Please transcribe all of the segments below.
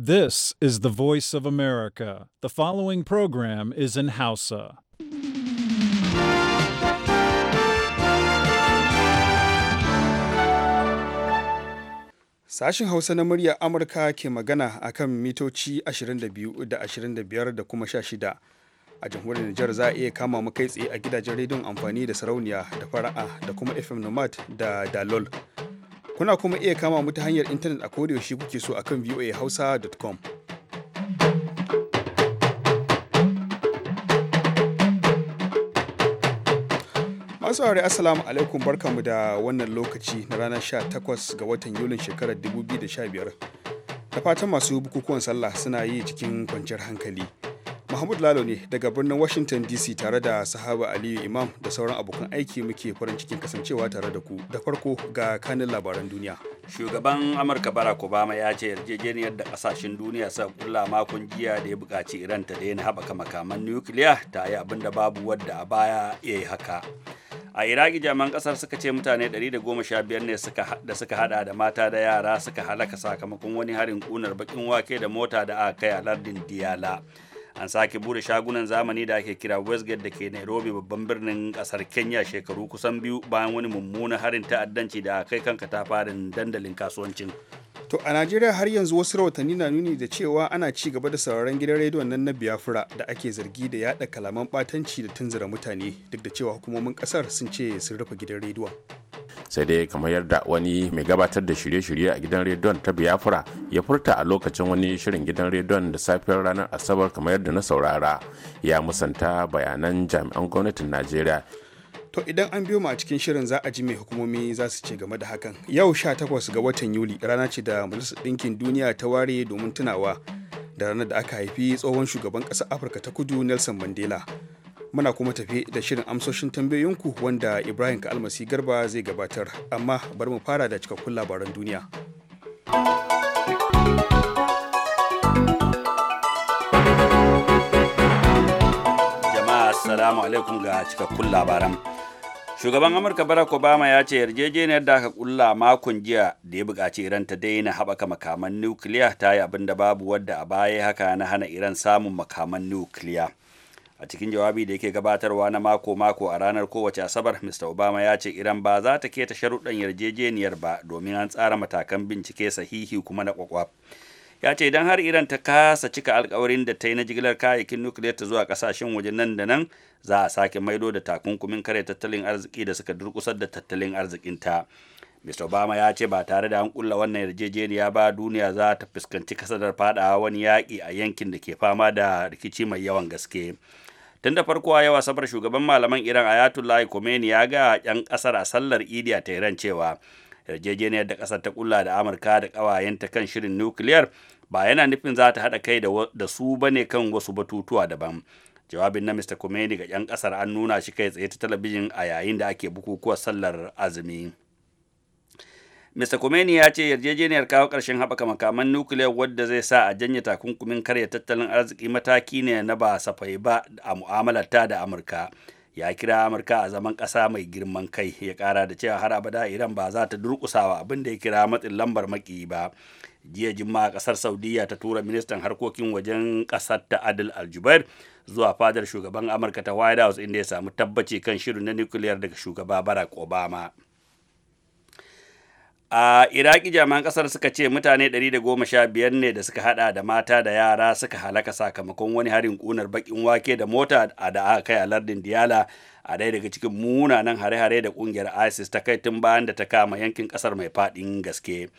This is the voice of America. The following program is in Hausa. sashin Hausa na muryar Amurka ke magana a kan mitoci 22 da 25 da kuma 16. A jamhuriyar Nijar za a iya kama mu kai tsaye a gidajen rediyon amfani da sarauniya da fara'a da kuma FM Nomad da Dalol. Kuna kuma iya kama mu ta hanyar intanet a kodayaushe kuke so akan voahausa.com. masu aure assalamu alaikum barkamu da wannan lokaci na ranar sha 18 ga watan yulin shekarar 2015 da fatan masu bukukuwan sallah suna yi cikin kwanciyar hankali Mahmud Lalo ne daga birnin Washington DC tare da sahaba Aliyu Imam da sauran abokan aiki muke farin cikin kasancewa tare da ku. Da farko ga kanin labaran duniya. Shugaban Amurka Barack Obama ya ce yarjejeniyar da kasashen duniya sa kula makon jiya da ya buƙaci Iran ta daina haɓaka makaman nukiliya ta yi abin da babu wadda a baya ya yi haka. a iraki jaman kasar suka ce mutane 115 ne da suka hada da mata da yara suka halaka sakamakon wani harin kunar bakin wake da mota da aka kai a lardin diyala an sake bude shagunan zamani da ake kira westgate da ke nairobi babban birnin kasar kenya shekaru kusan biyu bayan wani mummunan harin ta'addanci da kai kanka ta farin dandalin kasuwancin To a Najeriya har yanzu wasu rahotanni na nuni da cewa ana ci gaba da sauraron gidan rediyon nan na Biafra da ake zargi da yada kalaman batanci da tunzura mutane duk da cewa hukumomin kasar sun ce sun rufe gidan rediyon. Sai dai kamar yadda wani mai gabatar da shirye-shirye a gidan rediyon ta Biafra ya furta a lokacin wani shirin gidan rediyon da safiyar ranar Asabar kamar yadda na saurara ya musanta bayanan jami'an gwamnatin Najeriya To idan an biyo mu a cikin shirin za a ji mai hukumomi za su ce game da hakan. Yau sha takwas ga watan Yuli rana ce da Majalisar Ɗinkin Duniya ta ware domin tunawa da ranar da aka haifi tsohon shugaban ƙasar Afirka ta Kudu Nelson Mandela. Muna kuma tafi da shirin amsoshin tambayoyinku wanda Ibrahim Kalmasi Garba zai gabatar, amma bari mu fara da cikakkun labaran duniya. Jama'a Assalamu alaikum ga cikakkun labaran. Shugaban Amurka Barack Obama ya ce yarjejeniyar da aka kulla makon jiya da ya buƙaci Iran ta daina haɓaka makaman nukiliya ta yi abin da babu wadda a baya haka na hana Iran samun makaman nukiliya. A cikin jawabi da yake gabatarwa na mako-mako a ranar kowace Asabar, Mr. Obama ya ce Iran ba za ta keta sharuɗan yarjejeniyar ba domin an tsara matakan bincike sahihi kuma na kwakwa. ya ce idan har iran ta kasa cika alkawarin da ta yi na jigilar kayayyakin nukiliyar ta zuwa kasashen waje nan da nan za a sake maido da takunkumin kare tattalin arziki da suka durkusar da tattalin arzikinta mr obama ya ce ba tare da an kulla wannan yarjejeniya ba duniya za ta fuskanci kasadar fadawa wani yaƙi a yankin da ke fama da rikici mai yawan gaske tun da farko a yawa safar shugaban malaman iran ayatollah khomeini ya ga 'yan kasar a sallar idi a cewa yarjejeniyar da ƙasar ta kulla da amurka da ƙawayenta kan shirin nukiliyar ba yana nufin za ta haɗa kai da su ba ne kan wasu batutuwa daban jawabin na mr Khomeini ga 'yan ƙasar an nuna shi kai tsaye ta talabijin a yayin da ake bukukuwar sallar azumi Mr. Khomeini ya ce yarjejeniyar kawo ƙarshen haɓaka makaman nukiliyar wadda zai sa a janye takunkumin karya tattalin arziki mataki ne na ba safai ba a mu'amalar ta da Amurka. ya kira amurka a zaman ƙasa mai girman kai ya kara da cewa har abada iran ba za ta durƙusawa abin da ya kira matsin lambar maki ba jiya jimma ƙasar saudiya ta tura ministan harkokin wajen ƙasar ta adil aljubair zuwa fadar shugaban amurka ta white house inda ya samu tabbaci kan shirin na nukiliyar daga shugaba barack obama a iraki jami'an kasar suka ce mutane 115 ne da suka hada da mata da yara suka halaka sakamakon wani harin kunar bakin wake da mota a da aka kai a lardin diyala a daya daga cikin munanan hare-hare da kungiyar isis ta kai tun bayan da ta kama yankin ƙasar mai faɗin gaske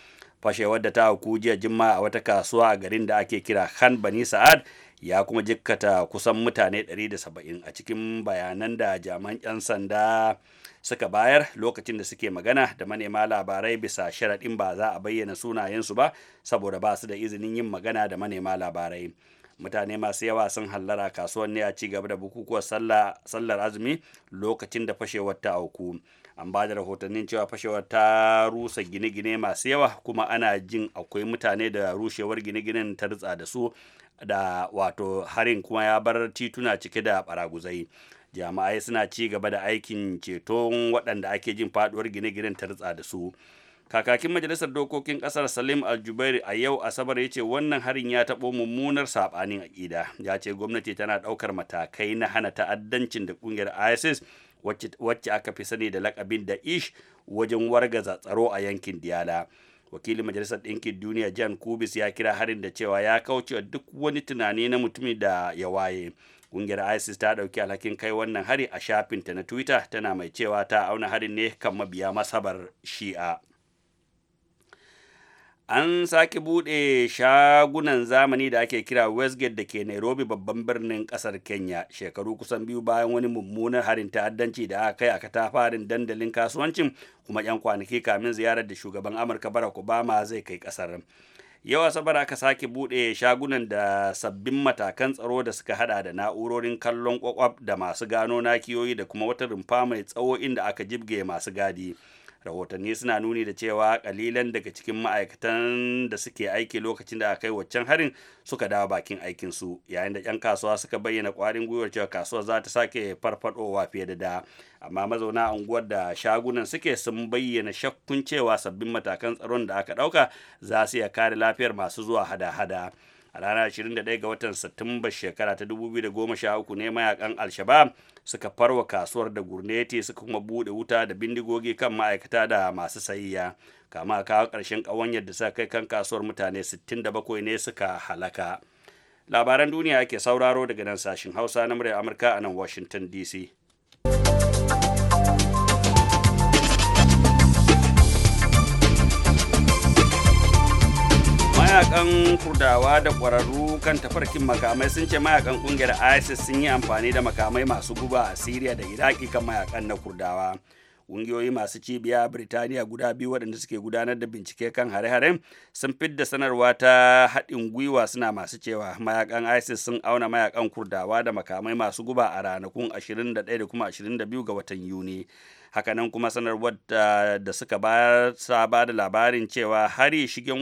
fashewar da ta hauku jiya jimma a wata kasuwa a garin da ake kira khan bani sa'ad ya kuma jikkata kusan mutane 170 a cikin bayanan da jami'an 'yan sanda suka bayar lokacin da suke magana da manema labarai bisa sharaɗin ba za a bayyana sunayensu ba saboda ba su da izinin yin magana da manema labarai mutane masu yawa sun hallara kasuwanni a ci gaba da bukukuwar sallar azumi lokacin da fashewar ta auku an ba da rahotannin cewa fashewar ta rusa gine-gine masu yawa kuma ana jin akwai mutane da rushewar gine-ginen ta da su da wato harin kuma ya bar tituna cike da baraguzai jami'ai suna ci gaba da aikin ceton waɗanda ake jin faduwar gine-ginen ritsa da su kakakin majalisar dokokin kasar salim aljubairi a yau asabar ya ce wannan harin ya taɓo mummunar saɓanin aƙida ya ce gwamnati tana ɗaukar matakai na hana ta'addancin da ƙungiyar isis wacce aka fi sani da lakabin da ish wajen wargaza tsaro a yankin diyala wakilin majalisar ɗinkin duniya jan kubis ya kira harin da cewa ya kauce duk wani tunani na mutumin da ya waye kungiyar isis ta dauki alhakin kai wannan hari a shafin ta na twitter tana mai cewa ta auna harin ne kan mabiya masabar shi'a an sake bude shagunan zamani da ake kira westgate da ke nairobi babban birnin kasar kenya shekaru kusan biyu bayan wani mummunar harin ta'addanci da aka kai a katafarin dandalin kasuwancin kuma 'yan kwanaki kamin ziyarar da shugaban amurka barack obama zai kai kasar. yau asabar aka sake bude shagunan da sabbin matakan tsaro da suka hada da na'urorin kallon kwakwab da masu gano nakiyoyi da kuma wata rumfa mai tsawo inda aka jibge masu gadi rahotanni suna nuni da cewa kalilan daga cikin ma'aikatan da suke aiki lokacin da aka kai waccan harin suka dawo bakin aikin su yayin da 'yan kasuwa suka bayyana kwarin gwiwar cewa kasuwar za ta sake farfadowa fiye da da amma mazauna unguwar da shagunan suke sun bayyana shakkun cewa sabbin matakan tsaron da aka dauka za su iya kare lafiyar masu zuwa hada-hada a ranar 21 ga watan satumba shekara ta 2013 ne mayakan al-shabab suka farwa kasuwar da gurneti suka kuma bude wuta da bindigogi kan ma'aikata da masu sayayya kama kawo ƙarshen ƙawanyar yadda suka kai kan kasuwar mutane 67 ne suka halaka labaran duniya ke sauraro daga nan sashin hausa na muryar amurka a nan washington dc mayakan kurdawa da ƙwararru kan tafarkin makamai sun ce mayakan kungiyar isis sun yi amfani da makamai masu guba a syria da iraki kan mayakan na kurdawa ƙungiyoyi masu cibiya biritaniya Birtaniya guda biyu waɗanda suke gudanar da bincike kan hare-haren sun fidda sanarwa ta haɗin gwiwa suna masu cewa mayakan ISIS sun auna mayakan Kurdawa da makamai masu guba a ranakun 21 da kuma 22 ga watan Yuni. Hakanan kuma sanarwar da suka ba da labarin cewa hari shigen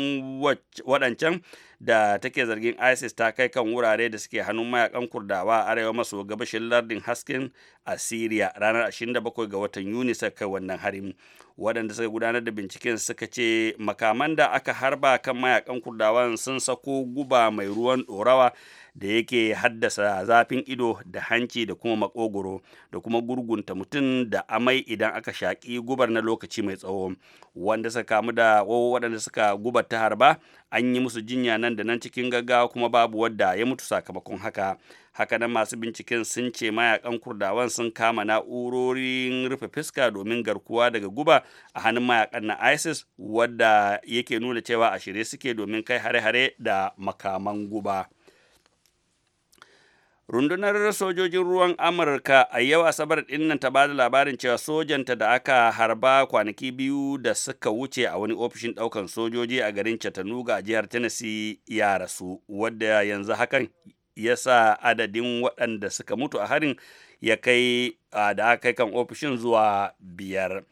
waɗancan da take zargin isis ta kai kan wurare da suke hannun mayakan kurdawa arewa maso gabashin lardin haskin a Siriya ranar 27 ga watan Yuni suka kai wannan harin. Waɗanda suka gudanar da binciken suka ce makaman da aka harba kan mayakan kurdawan sun sako guba mai ruwan ɗorawa da yake haddasa zafin ido da hanci da kuma makogoro da kuma gurgunta mutum da amai idan aka shaƙi gubar na lokaci mai tsawo wanda suka kamu da waɗanda suka guba ta harba an yi musu jinya nan da nan cikin gaggawa kuma babu wadda ya mutu sakamakon haka hakanan masu binciken sun ce mayakan kurdawan sun kama na'urorin rufe fuska domin garkuwa daga guba a hannun mayakan na isis wadda yake nuna cewa a shirye suke domin kai hare-hare da makaman guba. rundunar sojojin ruwan amurka a yau asabar dinnan ta bada labarin cewa sojanta da aka harba kwanaki biyu da suka wuce a wani ofishin daukan sojoji a garin chattanooga a jihar tennessee ya rasu wadda yanzu hakan ya sa adadin waɗanda suka mutu a harin ya kai da aka kan ofishin zuwa biyar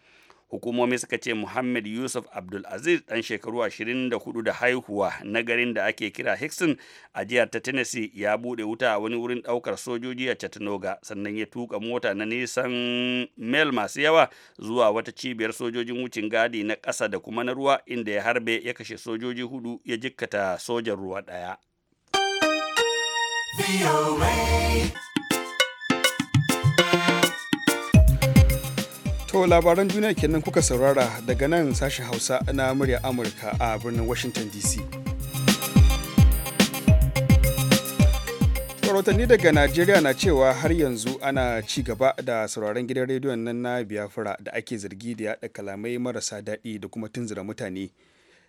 hukumomi suka ce muhammad yusuf abdulaziz ɗan shekaru 24 da haihuwa na garin da ake kira hickson a jihar ta tennessee ya buɗe wuta a wani wurin ɗaukar sojoji a chattanooga sannan ya tuka mota na nisan mel masu yawa zuwa wata cibiyar sojojin wucin gadi na ƙasa da kuma na ruwa inda ya harbe ya kashe sojoji hudu ya jikkata sojan ruwa ɗaya To labaran duniya kenan kuka saurara daga nan sashen Hausa na murya Amurka a birnin Washington DC. rahotanni daga najeriya na cewa har yanzu ana ci gaba da sauraron gidan rediyon nan na biafra da ake zargi da yaɗa kalamai marasa daɗi da kuma tunzura mutane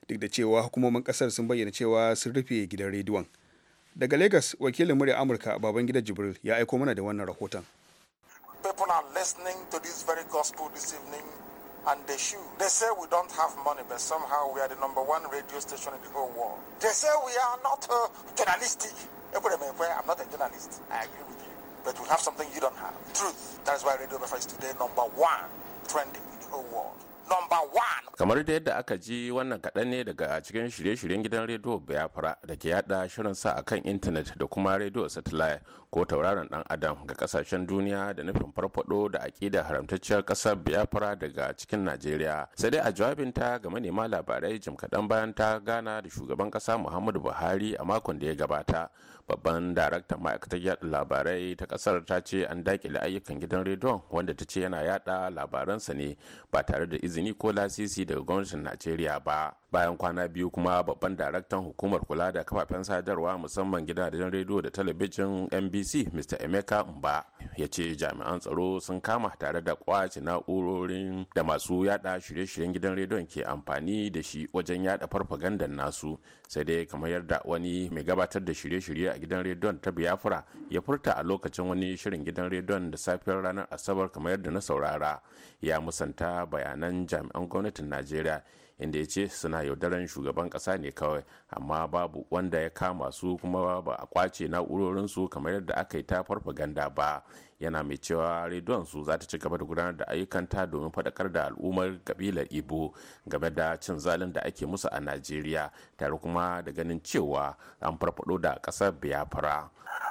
duk da cewa hukumomin ƙasar sun bayyana cewa sun rufe gidan rediyon Daga Lagos wakilin murya Amurka Jibril ya aiko mana da wannan rahoton. People are listening to this very gospel this evening and they should. They say we don't have money, but somehow we are the number one radio station in the whole world. They say we are not uh, journalistic. Eh, I'm not a journalist. I agree with you. But we have something you don't have. Truth. That is why Radio Africa is today number one trending in the whole world. number one. Kamar da yadda aka ji wannan kaɗan ne daga cikin shirye-shiryen gidan rediyo Biafra da ke yada shirin sa a kan intanet da kuma rediyo satellite ko tauraron dan adam ga kasashen duniya da nufin farfaɗo da aƙida haramtacciyar ƙasar Biafra daga cikin Najeriya. Sai dai a jawabinta ga manema labarai jim kaɗan bayan ta gana da shugaban ƙasa Muhammadu Buhari a makon da ya gabata. babban daraktan ma'aikatar yada labarai ta kasar ta ce an dakile ayyukan gidan rediyon wanda ta ce yana yada labaransa ne ba tare da izini ko lasisi daga gwamnatin najeriya ba bayan kwana biyu kuma babban daraktan hukumar kula da kafafen sadarwa musamman gidajen rediyo da talabijin nbc mr emeka mba ya ce jami'an tsaro sun kama tare da kwace na'urorin da masu yada shirye-shiryen gidan rediyon ke amfani da shi wajen yada farfagandan nasu sai dai kamar yadda wani mai gabatar da shirye-shirye a gidan rediyon ta biyafura ya furta a lokacin wani shirin gidan rediyon da safiyar ranar asabar kamar yadda na saurara ya musanta bayanan jami'an gwamnatin najeriya inda ya ce suna yaudaran shugaban kasa ne kawai amma babu wanda ya kama su kuma ba a kwace na'urorinsu kamar yadda aka yi ta farfaganda ba yana mai cewa rediyon su za ta ci gaba da gudanar da ayyukanta domin faɗakar da al'ummar kabilar ibo game da cin zalin da ake musu a najeriya tare kuma da ganin cewa an farfado da ƙasar biafra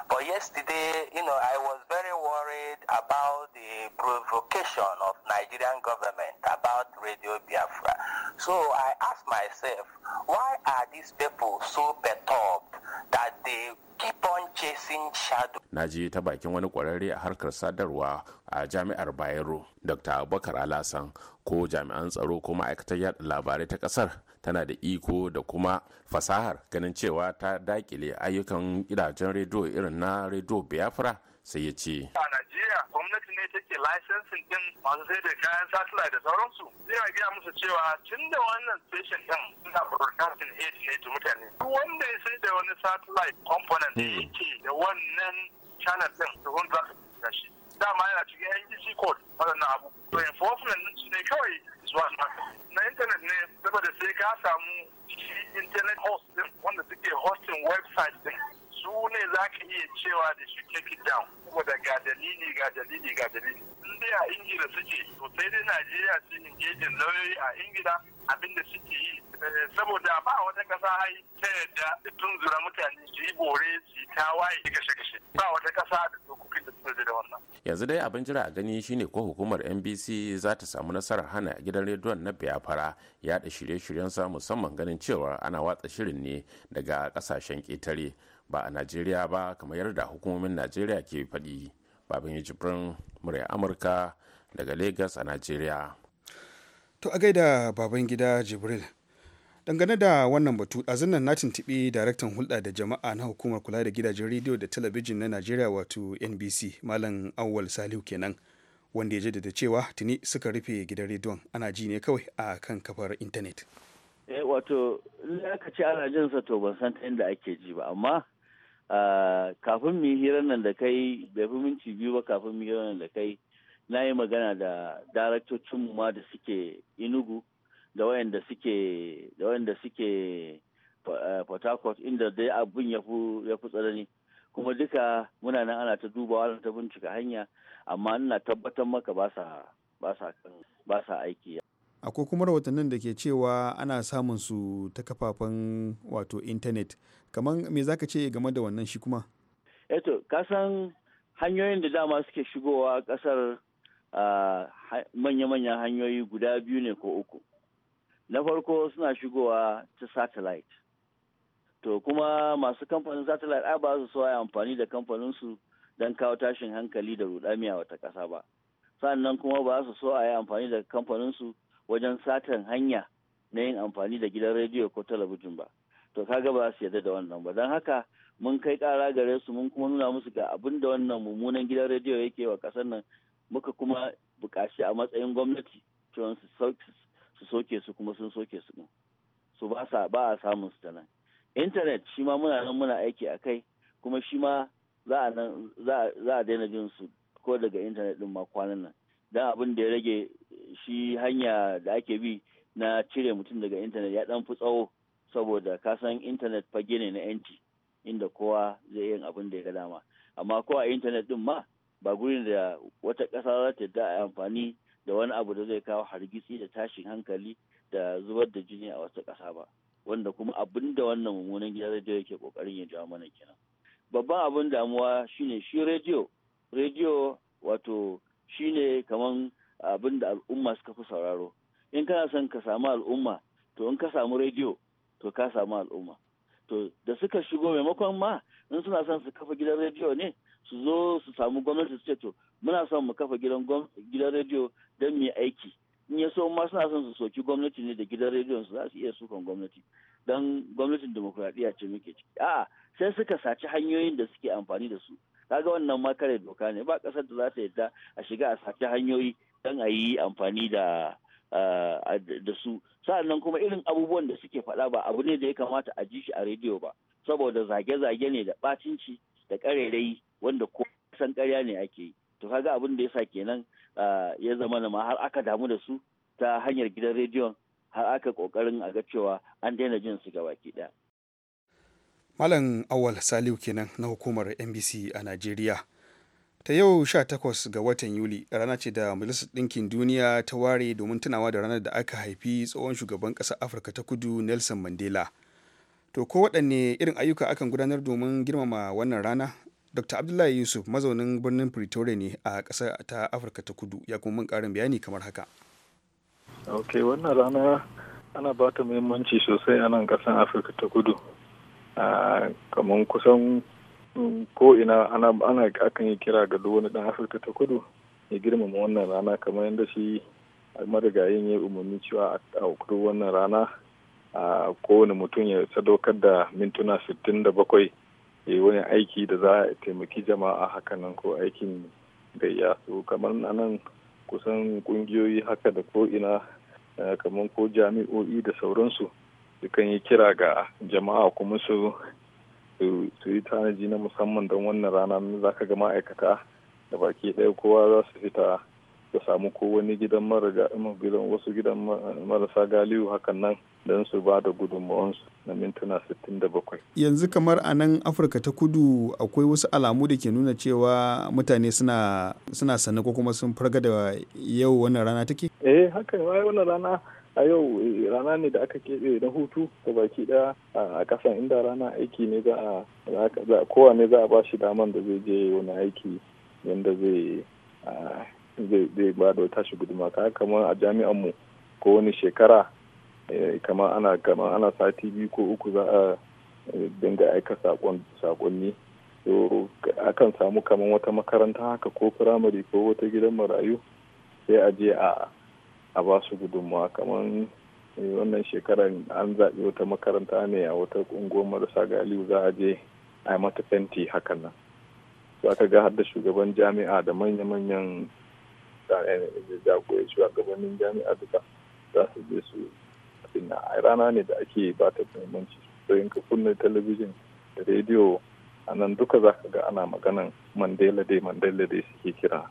But yesterday, you know, I was very worried about the provocation of Nigerian government about Radio Biafra. So I asked myself, why are these people so perturbed that they sun shadow. Na ji ta bakin wani kwararre a harkar sadarwa a jami'ar Bayero, Dr. Abubakar Alasan ko jami'an tsaro ko ma'aikatar yada labarai ta kasar tana da iko da kuma fasahar ganin cewa ta dakile ayyukan gidajen rediyo irin na rediyo Biafra sai ya ce a najeriya gwamnati ne take laisensin din masu sai da kayan satellite da sauransu zai gaya musu cewa tun da wannan station din suna broadcasting aid ne to mutane wanda ya sai da wani satellite component da hmm. yake da wannan channel din to wanda za ka shi dama yana cikin NGC code waɗannan abu to enforcement din su ne kawai zuwa na internet ne saboda sai ka samu internet host ɗin, wanda suke hosting website ɗin. su ne za ka iya cewa da shi take it down da ga dalili ga dalili ga dalili in dai a ingila suke to sai dai najeriya su ingejin lauyoyi a ingila abinda suke yi eh, saboda ba wata kasa hai ta yadda da tunzura mutane su yi bore su yi tawaye gashe-gashe ba wata kasa da dokokin da suka da wannan yanzu dai abin jira a gani shine ko hukumar nbc za ta samu nasarar hana gidan rediyon na biafra yada shirye-shiryensa musamman ganin cewa ana watsa shirin ne daga kasashen ketare ba a najeriya ba kamar yarda hukumomin najeriya ke faɗi babin jibrin murya amurka daga lagos a najeriya to a gaida baban gida jibril dangane da wannan batu ɗazunan nan na tuntuɓi daraktan hulɗa da jama'a na hukumar kula da gidajen rediyo da talabijin na najeriya wato nbc malam awwal salihu kenan wanda ya jaddada cewa tuni suka rufe gidan rediyon ana ji ne kawai a kan kafar intanet. eh wato aka ana jinsa to ban san ta inda ake ji ba amma kafin mu yi hirar nan da kai bai fi minti biyu ba kafin mu yi hirar nan da kai na yi magana da mu ma da suke inugu da wayanda suke da wayanda suke eh, port inda dai abin ya fi tsanani kuma duka muna nan ana ta dubawa ana ta bincika hanya amma ina tabbatar maka ba sa aiki akwai kuma rahotannin da ke cewa ana samun su ta kafafen wato intanet kamar me za ka ce game da wannan shi kuma eto eh kasan hanyoyin da dama suke shigowa kasar ah, manya-manyan hanyoyi guda biyu ne ko uku na farko suna shigowa ta satellite to kuma masu kamfanin satellite ai ba su so ya amfani da kamfaninsu don kawo tashin hankali da rudami a wata ƙasa ba sannan kuma ba su so a yi amfani da kamfaninsu wajen satan hanya na yin amfani da gidan rediyo ko talabijin ba to kaga ba su yarda da wannan ba don haka mun kai kara gare su mun kuma nuna musu ga abin da wannan mummunan gidan rediyo yake wa kasar nan muka kuma bukaci a matsayin gwamnati cewa su soke su kuma sun soke su su ba sa ba a samun su nan intanet shi ma muna nan muna aiki a kai kuma shi ma za a daina jin su ko daga intanet din ma kwanan nan da abin da ya rage shi hanya da ake bi na cire mutum daga intanet ya dan fi tsawo saboda kasan intanet fage ne na yanci inda kowa zai yin abin da ya ga dama amma ko a intanet din ma ba gurin da wata ƙasa za ta da amfani da wani abu da zai kawo hargitsi da tashin hankali da zubar da jini a wata ƙasa ba wanda kuma abin da wannan mummunan gidan rediyo yake ƙoƙarin ya jawo mana kenan babban abin damuwa shine shi rediyo rediyo wato shine kaman abin da al'umma suka fi sauraro in kana son ka samu al'umma to in ka samu rediyo to ka samu al'umma to da suka shigo maimakon ma in suna son su kafa gidan rediyo ne su zo su samu gwamnati su ce to muna son mu kafa gidan gidan rediyo don mu aiki in ya so ma suna son su soki gwamnati ne da gidan rediyon su za su iya sukan gwamnati don gwamnatin demokuraɗiyya ce muke ciki a'a sai suka saci hanyoyin da suke amfani da su kaga wannan ma kare doka ne ba kasar da za ta yadda a shiga a saki hanyoyi dan a yi amfani da ah, da su sa'annan kuma irin abubuwan da suke faɗa ba abu ne da ya kamata a ji shi a rediyo ba saboda zage-zage ne da ɓacinci da ƙarairayi wanda ko san ƙarya ne ake yi to kaga abin da ya sa kenan ah, ya zama ma har aka damu da su ta hanyar gidan rediyon har aka kokarin a ga cewa an daina jin su baki ɗaya Malam Awal Saliu kenan na hukumar NBC a Najeriya. Ta yau 18 ga watan Yuli rana ce da Majalisar Ɗinkin Duniya ta ware domin tunawa da ranar da aka haifi tsohon shugaban ƙasar Afirka ta kudu Nelson Mandela. To ko waɗanne irin ayyuka akan gudanar domin girmama wannan rana? Dr. Abdullahi Yusuf mazaunin birnin Pretoria ne a ƙasa ta Afirka ta kudu ya kuma mun ƙarin bayani kamar haka. Ok, wannan rana ana bata ta muhimmanci sosai a nan ƙasar Afirka ta kudu. Ah, kamar kusan mm, ko ina ana ana akan yi kira ga duk wani dan afirka ta kudu ya girmama wannan rana kamar yadda shi marigayin ya umarni cewa a kudu wannan rana a ah, kowane mutum ya sadaukar da mintuna 67 ya yi wani aiki da za a taimaki jama'a hakanan ko aikin da ya so kamar nan kusan kungiyoyi haka da ko ina ah, kamar ko jami'o'i da sauransu sukan yi kira ga jama'a kuma su su yi tanaji na musamman don wannan rana za ka ga ma'aikata da baki ɗaya kowa za su fita da samu ko wani gidan gidan wasu gidan marasa galiyu hakan nan don su ba da gudunmawansu na mintuna 67. Yanzu kamar a nan Afirka ta kudu akwai wasu alamu da ke nuna cewa mutane suna suna ko kuma sun farga da yau wannan rana take? Eh hakan wannan rana a yau eh, rana ne da aka keɓe na hutu ga baki ɗaya a kasan inda rana aiki ne za a kowane za a ba shi daman da zai je wani aiki yadda zai ba da tashi guduma ka kamar a jami'an mu ko wani shekara eh, kamar ana kamar ana sati biyu ko uku za a eh, dinga aika sakonni so akan samu kamar wata makaranta haka ko firamare ko wata gidan marayu sai a je a a ba su gudunmawa kamar eh, wannan shekarar an zaɓi wata makaranta ne a wata unguwar marasa galiu za a je a yi mata fenti hakan nan su aka ga da shugaban jami'a da manya-manyan jagoyi eh, shugabannin jami'a duka za su je su a rana ne da ake ba ta muhimmanci sosai ka kunna talabijin da rediyo a nan duka za ka ga ana maganan mandela dai mandela dai suke kira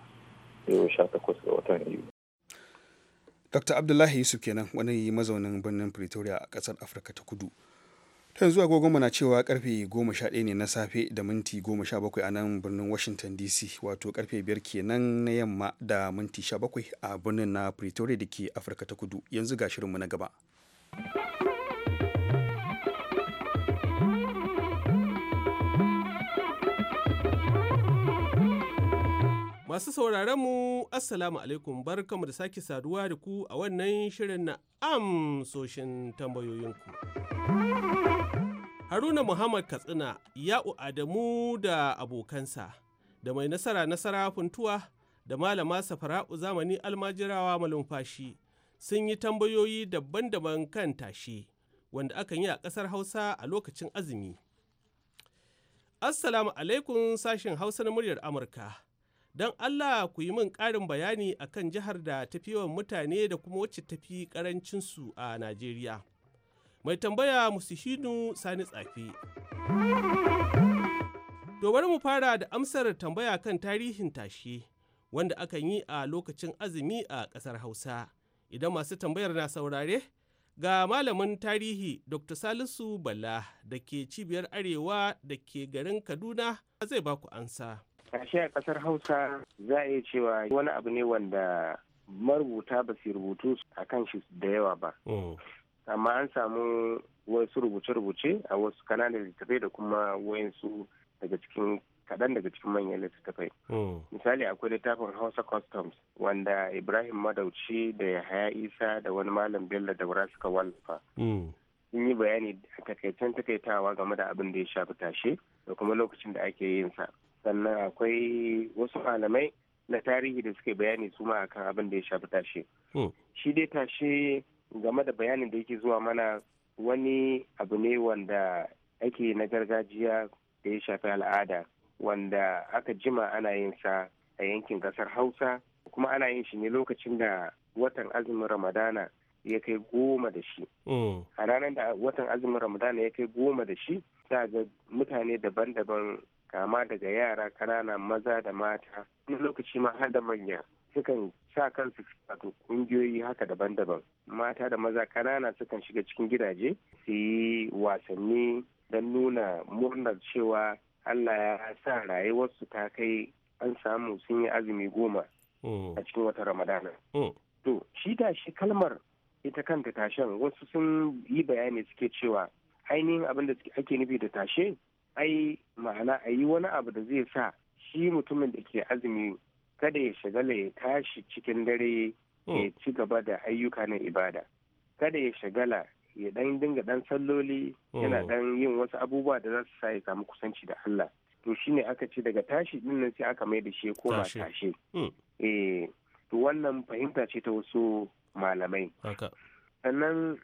yau sha takwas ga watan yuli dr abdullahi yusuf kenan wani mazaunin birnin pretoria a kasar afirka ta kudu ta zuwa agogonmu na cewa karfe 11 ne na safe da minti 17 a nan birnin washington dc wato karfe 5 kenan na yamma da minti 17 a birnin na pretoria da ke afirka ta kudu yanzu ga shirinmu na gaba Masu sauraron mu Assalamu alaikum barkamu da sake saduwa da ku a wannan shirin na amsoshin tambayoyinku. Haruna Muhammad Katsina ya'u Adamu da abokansa da mai nasara nasara funtuwa da malama safara'u zamani almajirawa malumfashi sun yi tambayoyi daban-daban kan tashe wanda akan yi a ƙasar Hausa a lokacin azumi. Assalamu alaikum sashen Hausa na muryar Amurka. Don Allah ku yi min ƙarin bayani a kan jihar da tafi yawan mutane da kuma wacce tafi ƙarancinsu a Najeriya. Mai tambaya Musihinu Sani Tsafe. To bari mu fara da amsar tambaya kan tarihin tashe wanda akan yi a lokacin azumi a ƙasar Hausa. Idan masu tambayar na saurare, ga malamin tarihi Dr. Salisu Bala da ke cibiyar Arewa da ke garin Kaduna zai baku ansa. ashe a ƙasar Hausa za a iya cewa wani abu ne wanda marubuta ba su rubutu a kan shi da yawa ba. Mm. Amma an samu wasu rubuce-rubuce a wasu kananan littattafai da kuma wayansu daga cikin kaɗan daga cikin manyan littattafai. Mm. Misali akwai littafin Hausa Customs wanda Ibrahim Madauci da Yahaya Isa da wani Malam Bello da suka walfa mm. Sun yi bayani a takaicen takaitawa game da abin da ya shafi tashe da kuma lokacin da ake yin sa. sannan akwai wasu malamai na tarihi da suke bayani su ma akan abin da ya shafi tashe hmm. shi dai tashe game da bayanin da yake zuwa mana wani abu ne wanda ake na gargajiya da ya shafi al'ada wanda aka jima ana yin sa a yankin kasar hausa kuma ana yin shi ne lokacin da watan azumin ramadana ya kai goma da shi hmm. a ranar da watan azumin ramadana ya kai goma da shi ga mutane daban-daban kama daga yara kanana maza da mata wani lokaci ma har da manya sukan sa kansu wato kungiyoyi haka daban-daban mata da maza kanana sukan shiga cikin gidaje su yi wasanni don nuna murnar cewa allah ya sa rayuwarsu ta kai an samu sun yi azumi goma mm. a cikin wata ramadana mm. to shi da shi kalmar ita kanta tashen wasu sun yi bayani suke cewa ainihin abin da ake nufi da tashe ai ma'ana a yi wani abu da zai sa shi mutumin da ke azumi kada ya shagala ya tashi cikin dare ya hmm. ci gaba da ayyuka na ibada kada ya shagala ya dan dinga dan salloli hmm. yana dan yin wasu abubuwa da za su sa ya samu kusanci da Allah to shine aka ce daga tashi din nan sai aka mai da shi koma tashi hmm. eh to wannan fahimta ce ta wasu malamai sannan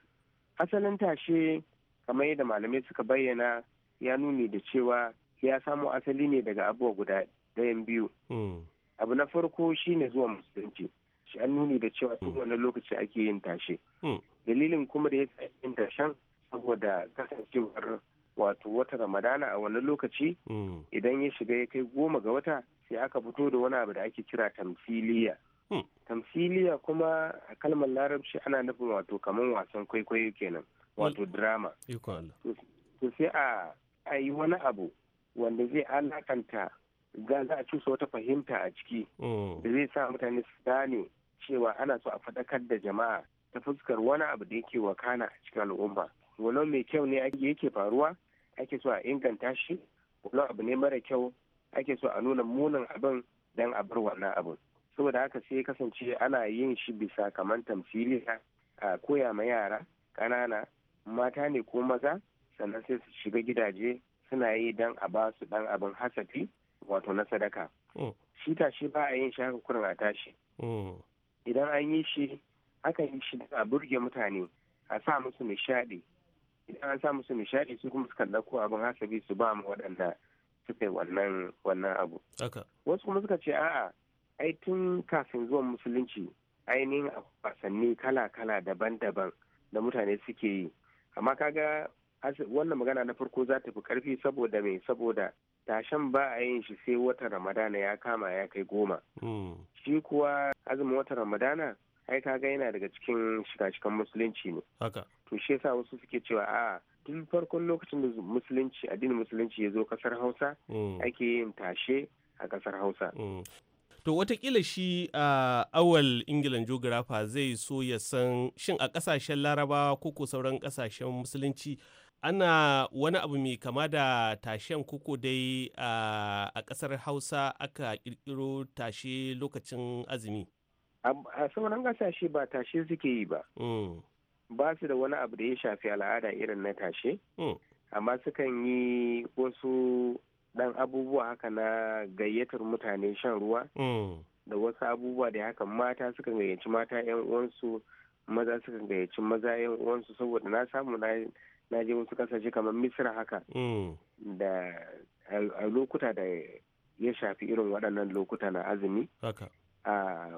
asalin tashe kamar yadda malamai suka bayyana ya nuni da cewa ya samo asali ne daga abubuwa guda ɗayan biyu hmm. abu na farko shi ne zuwa musulunci shi an nuni da cewa tun wani lokaci ake yin tashe hmm. dalilin kuma da ya yin tashen saboda kasancewar wato wata ramadana a wani lokaci hmm. idan ya shiga ya kai goma ga wata sai aka fito da wani abu da ake kira tamsiliya tamsiliya kuma a kalmar larabci ana nufin wato kaman wasan kwaikwayo kenan wato drama to sai a a yi wani abu wanda zai alakanta za a cusa wata fahimta a ciki mm. da zai sa mutane su gane cewa ana so a faɗakar da jama'a ta fuskar wani abu da yake wakana a cikin al'umma walau mai kyau ne yake faruwa ake so a inganta shi walau abu ne mara kyau ake so a nuna munin abin don a bar wannan abin saboda haka sai kasance ana yin shi bisa kamar tamsiliya a koya ma yara ƙanana mata ne ko maza sannan sai su shiga gidaje suna yi don a ba su dan abin hasafi wato na sadaka mm. shi tashi ba a yin shi haka a tashi mm. idan an yi shi akan yi shi a burge mutane a sa musu nishaɗi idan an sa musu nishaɗi su kuma su kan ɗauko abin hasabi su ba mu waɗanda suka yi wannan abu wasu kuma suka ce a'a ai tun kafin zuwan musulunci ainihin wasanni kala-kala daban-daban da mutane suke yi amma kaga wannan magana na farko za ta fi karfi saboda mai saboda tashen ba a yin shi sai wata ramadana ya kama ya kai goma hmm. shi kuwa azumin wata ramadana ai kaga yana daga cikin shiga shikan musulunci ne to shi yasa wasu suke cewa a tun farkon lokacin da musulunci addinin musulunci ya zo kasar hausa hmm. ake yin tashe a kasar hausa hmm. to watakila shi a awal ingilan geographer zai so ya san shin a kasashen larabawa ko ko sauran kasashen musulunci ana wani abu mai kama da tashen kuku dai a ƙasar hausa aka ƙirƙiro tashe lokacin azumi a sauran kasashe ba tashe suke yi ba mm. ba su da wani abu da ya shafi al'ada irin na tashe mm. amma sukan yi wasu ɗan abubuwa haka na gayyatar mutane shan ruwa mm. da wasu abubuwa da haka mata sukan gayyaci mata 'yan uwansu maza sukan gayyaci maza 'yan uwansu saboda na samu na na je wasu kasashe kamar misra haka mm. da a lokuta da ya shafi irin waɗannan lokuta na azumi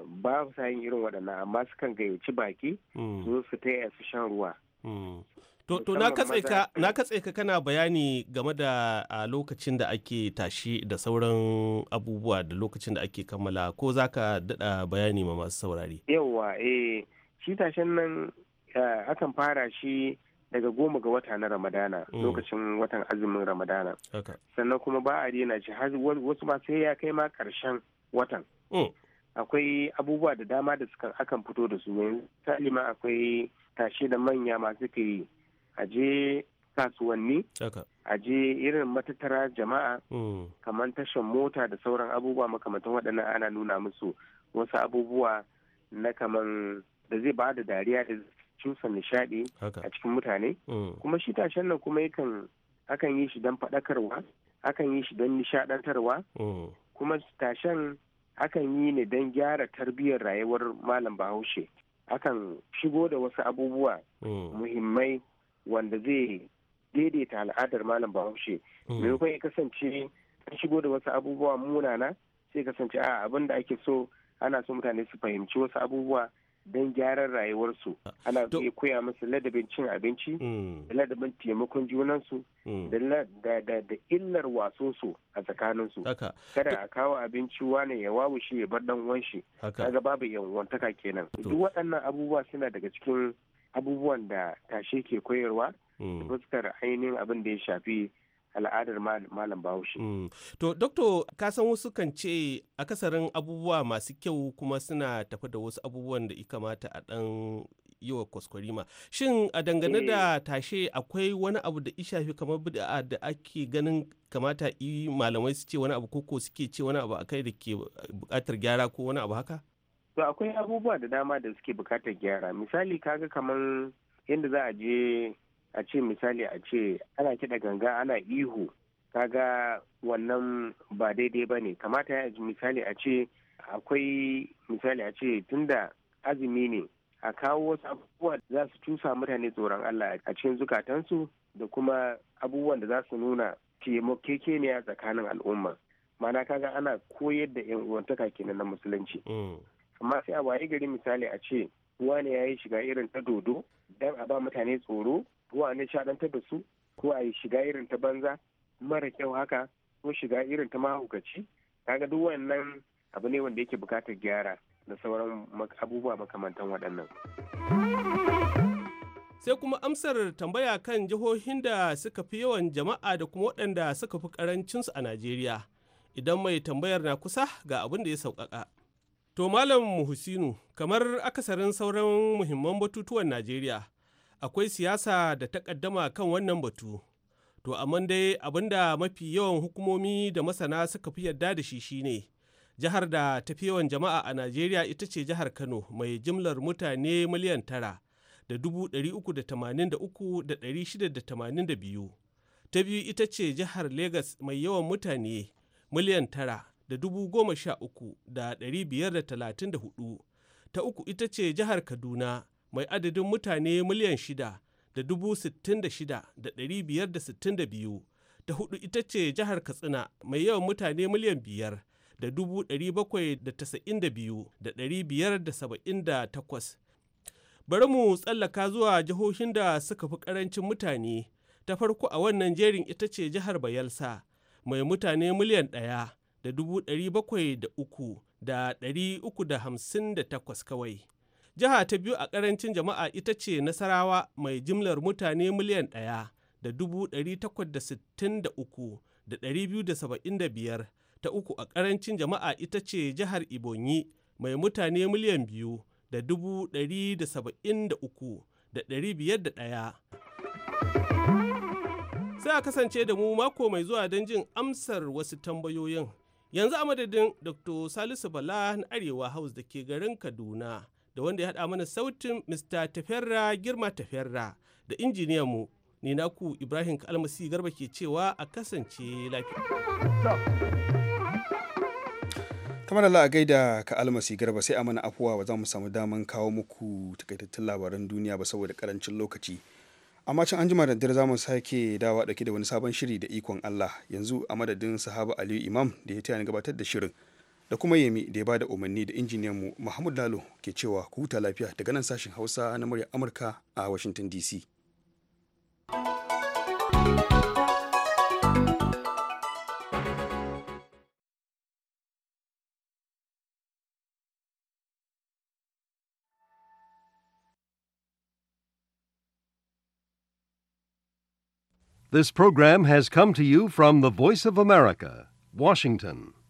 ba sa yin irin waɗannan amma sukan gayyaci baki mm. su su taya su shan ruwa mm. To, to na ka na katse ka kana bayani game da a lokacin da ake tashi da sauran abubuwa da lokacin da ake kammala ko za ka daɗa bayani ma masu saurari. Yawwa eh shi tashen nan akan fara shi daga goma ga wata na ramadana mm. lokacin watan azumin ramadana sannan kuma ba a daina shi wasu ba sai ya kai ma karshen watan mm. akwai abubuwa da dama da suka akan fito da su yanzu talima akwai tashe da manya masu ke aje kasuwanni aje irin matattara jama'a mm. kamar tashan mota da sauran abubuwa makamantan waɗannan ana nuna musu wasu abubuwa na kamar da zai ba da dariya da cinsa nishaɗi a cikin mutane mm. kuma shi tashen nan kuma yakan akan yi shi don faɗakarwa akan yi shi don nishaɗantarwa mm. kuma tashen akan yi ne don gyara tarbiyyar rayuwar malam bahaushe akan shigo da wasu abubuwa mm. muhimmai wanda zai daidaita al'adar malam bahaushe maimakon ya kasance an shigo da wasu abubuwa munana sai kasance a abin da ake so ana so mutane su fahimci wasu abubuwa don gyaran rayuwarsu ana zai koya musu ladabin cin abinci mm. da ladabin taimakon junansu mm. da illar su a tsakaninsu kada a kawo abinci wane ya shi ya bar ɗan'uwan shi kaga babu yanwantaka kenan duk waɗannan abubuwa suna daga cikin abubuwan da tashe ke koyarwa mm. fuskar ainihin abin da ya shafi al'adar malam bahaushe. Mm. To, doktor ka san wasu kan ce akasarin abubuwa masu kyau kuma suna tafi da wasu abubuwan da kamata a ɗan yi wa kwaskwarima. Shin a dangane da eh. tashe akwai wani abu da shafi kamar bid'a da ake ganin kamata yi malamai su ce wani abu koko suke ce wani abu akai da ke buƙatar gyara ko wani abu haka? To akwai abubuwa da dama da suke buƙatar gyara. Misali kaga kamar yadda za a je a ce misali a ce ana kiɗa ganga ana ihu kaga wannan ba daidai ba ne kamata ya misali a ce akwai misali a ce tunda azumi ne a kawo wasu abubuwa za su cusa mutane tsoron Allah a cikin zukatansu da kuma abubuwan da za su nuna a tsakanin al'umma mana kaga ana koyar da yan uwantaka kenan na musulunci mm. amma sai a waye gari misali a ce ne ya yi shiga irin ta dodo don a ba mutane tsoro ko ne shaɗantar da su ko a yi shiga irin ta banza mara kyau haka ko shiga irin ta mahaukaci kaga duk wannan abu ne wanda yake bukatar gyara da sauran abubuwa makamantan waɗannan. Sai kuma amsar tambaya kan jihohin da suka fi yawan jama'a da kuma waɗanda suka fi karancinsu a Najeriya. Idan mai tambayar na kusa ga abin da ya sauƙaƙa. To Malam Husinu, kamar akasarin sauran muhimman batutuwan Najeriya, akwai siyasa da ta ƙaddama kan wannan batu. To amma dai abinda mafi yawan hukumomi da masana suka fi yarda da shi shine jihar da tafi yawan jama'a a Najeriya ita ce jihar Kano mai jimlar mutane miliyan tara da dubu ɗari uku da tamanin da uku da ɗari shida da tamanin da biyu. Ta biyu ita ce jihar Legas mai yawan mutane miliyan tara da dubu goma sha uku da ɗari biyar da talatin da hudu. Ta uku ita ce jihar Kaduna mai adadin mutane miliyan shida da dubu sittin da shida da ɗari biyar da sittin da biyu ta hudu ita ce jihar katsina mai yawan mutane miliyan biyar da dubu ɗari bakwai da tasa'in da biyu da ɗari biyar da saba'in da takwas bari mu tsallaka zuwa jihohin da suka fi ƙarancin mutane ta farko a wannan jerin ita ce jihar bayelsa mai mutane miliyan ɗaya da dubu ɗari bakwai da uku da ɗari uku da hamsin da takwas kawai Jiha ta biyu a ƙarancin jama'a ita ce Nasarawa mai jimlar mutane miliyan ɗaya da dubu ɗari takwas da sittin da uku da ɗari biyu da saba'in da biyar. Ta uku a ƙarancin jama'a ita ce jihar Ibonyi mai mutane miliyan biyu da dubu ɗari da saba'in da uku da ɗari biyar da ɗaya. Sai a kasance da mu mako mai zuwa don jin amsar wasu tambayoyin. Yanzu a madadin Dr. Salisu Bala na Arewa House da ke garin Kaduna. da wanda ya haɗa mana sautin Mr. Tafera Girma Tafera da injiniyan mu ni naku Ibrahim Kalmasi Garba ke cewa a kasance lafiya. kamar Allah a gaida ka almasi garba sai a mana afuwa ba za mu samu daman kawo muku takaitattun labaran duniya ba saboda karancin lokaci amma can an jima da za mu sake dawa dauke da wani sabon shiri da ikon Allah yanzu a madadin sahaba Aliyu Imam da ya tayani gabatar da shirin da kuma yemi da ya bada umarni da injiniyan mu Muhammad Lalo ke cewa ku huta lafiya daga nan Hausa na Amurka a Washington DC. This program has come to you from the Voice of America, Washington.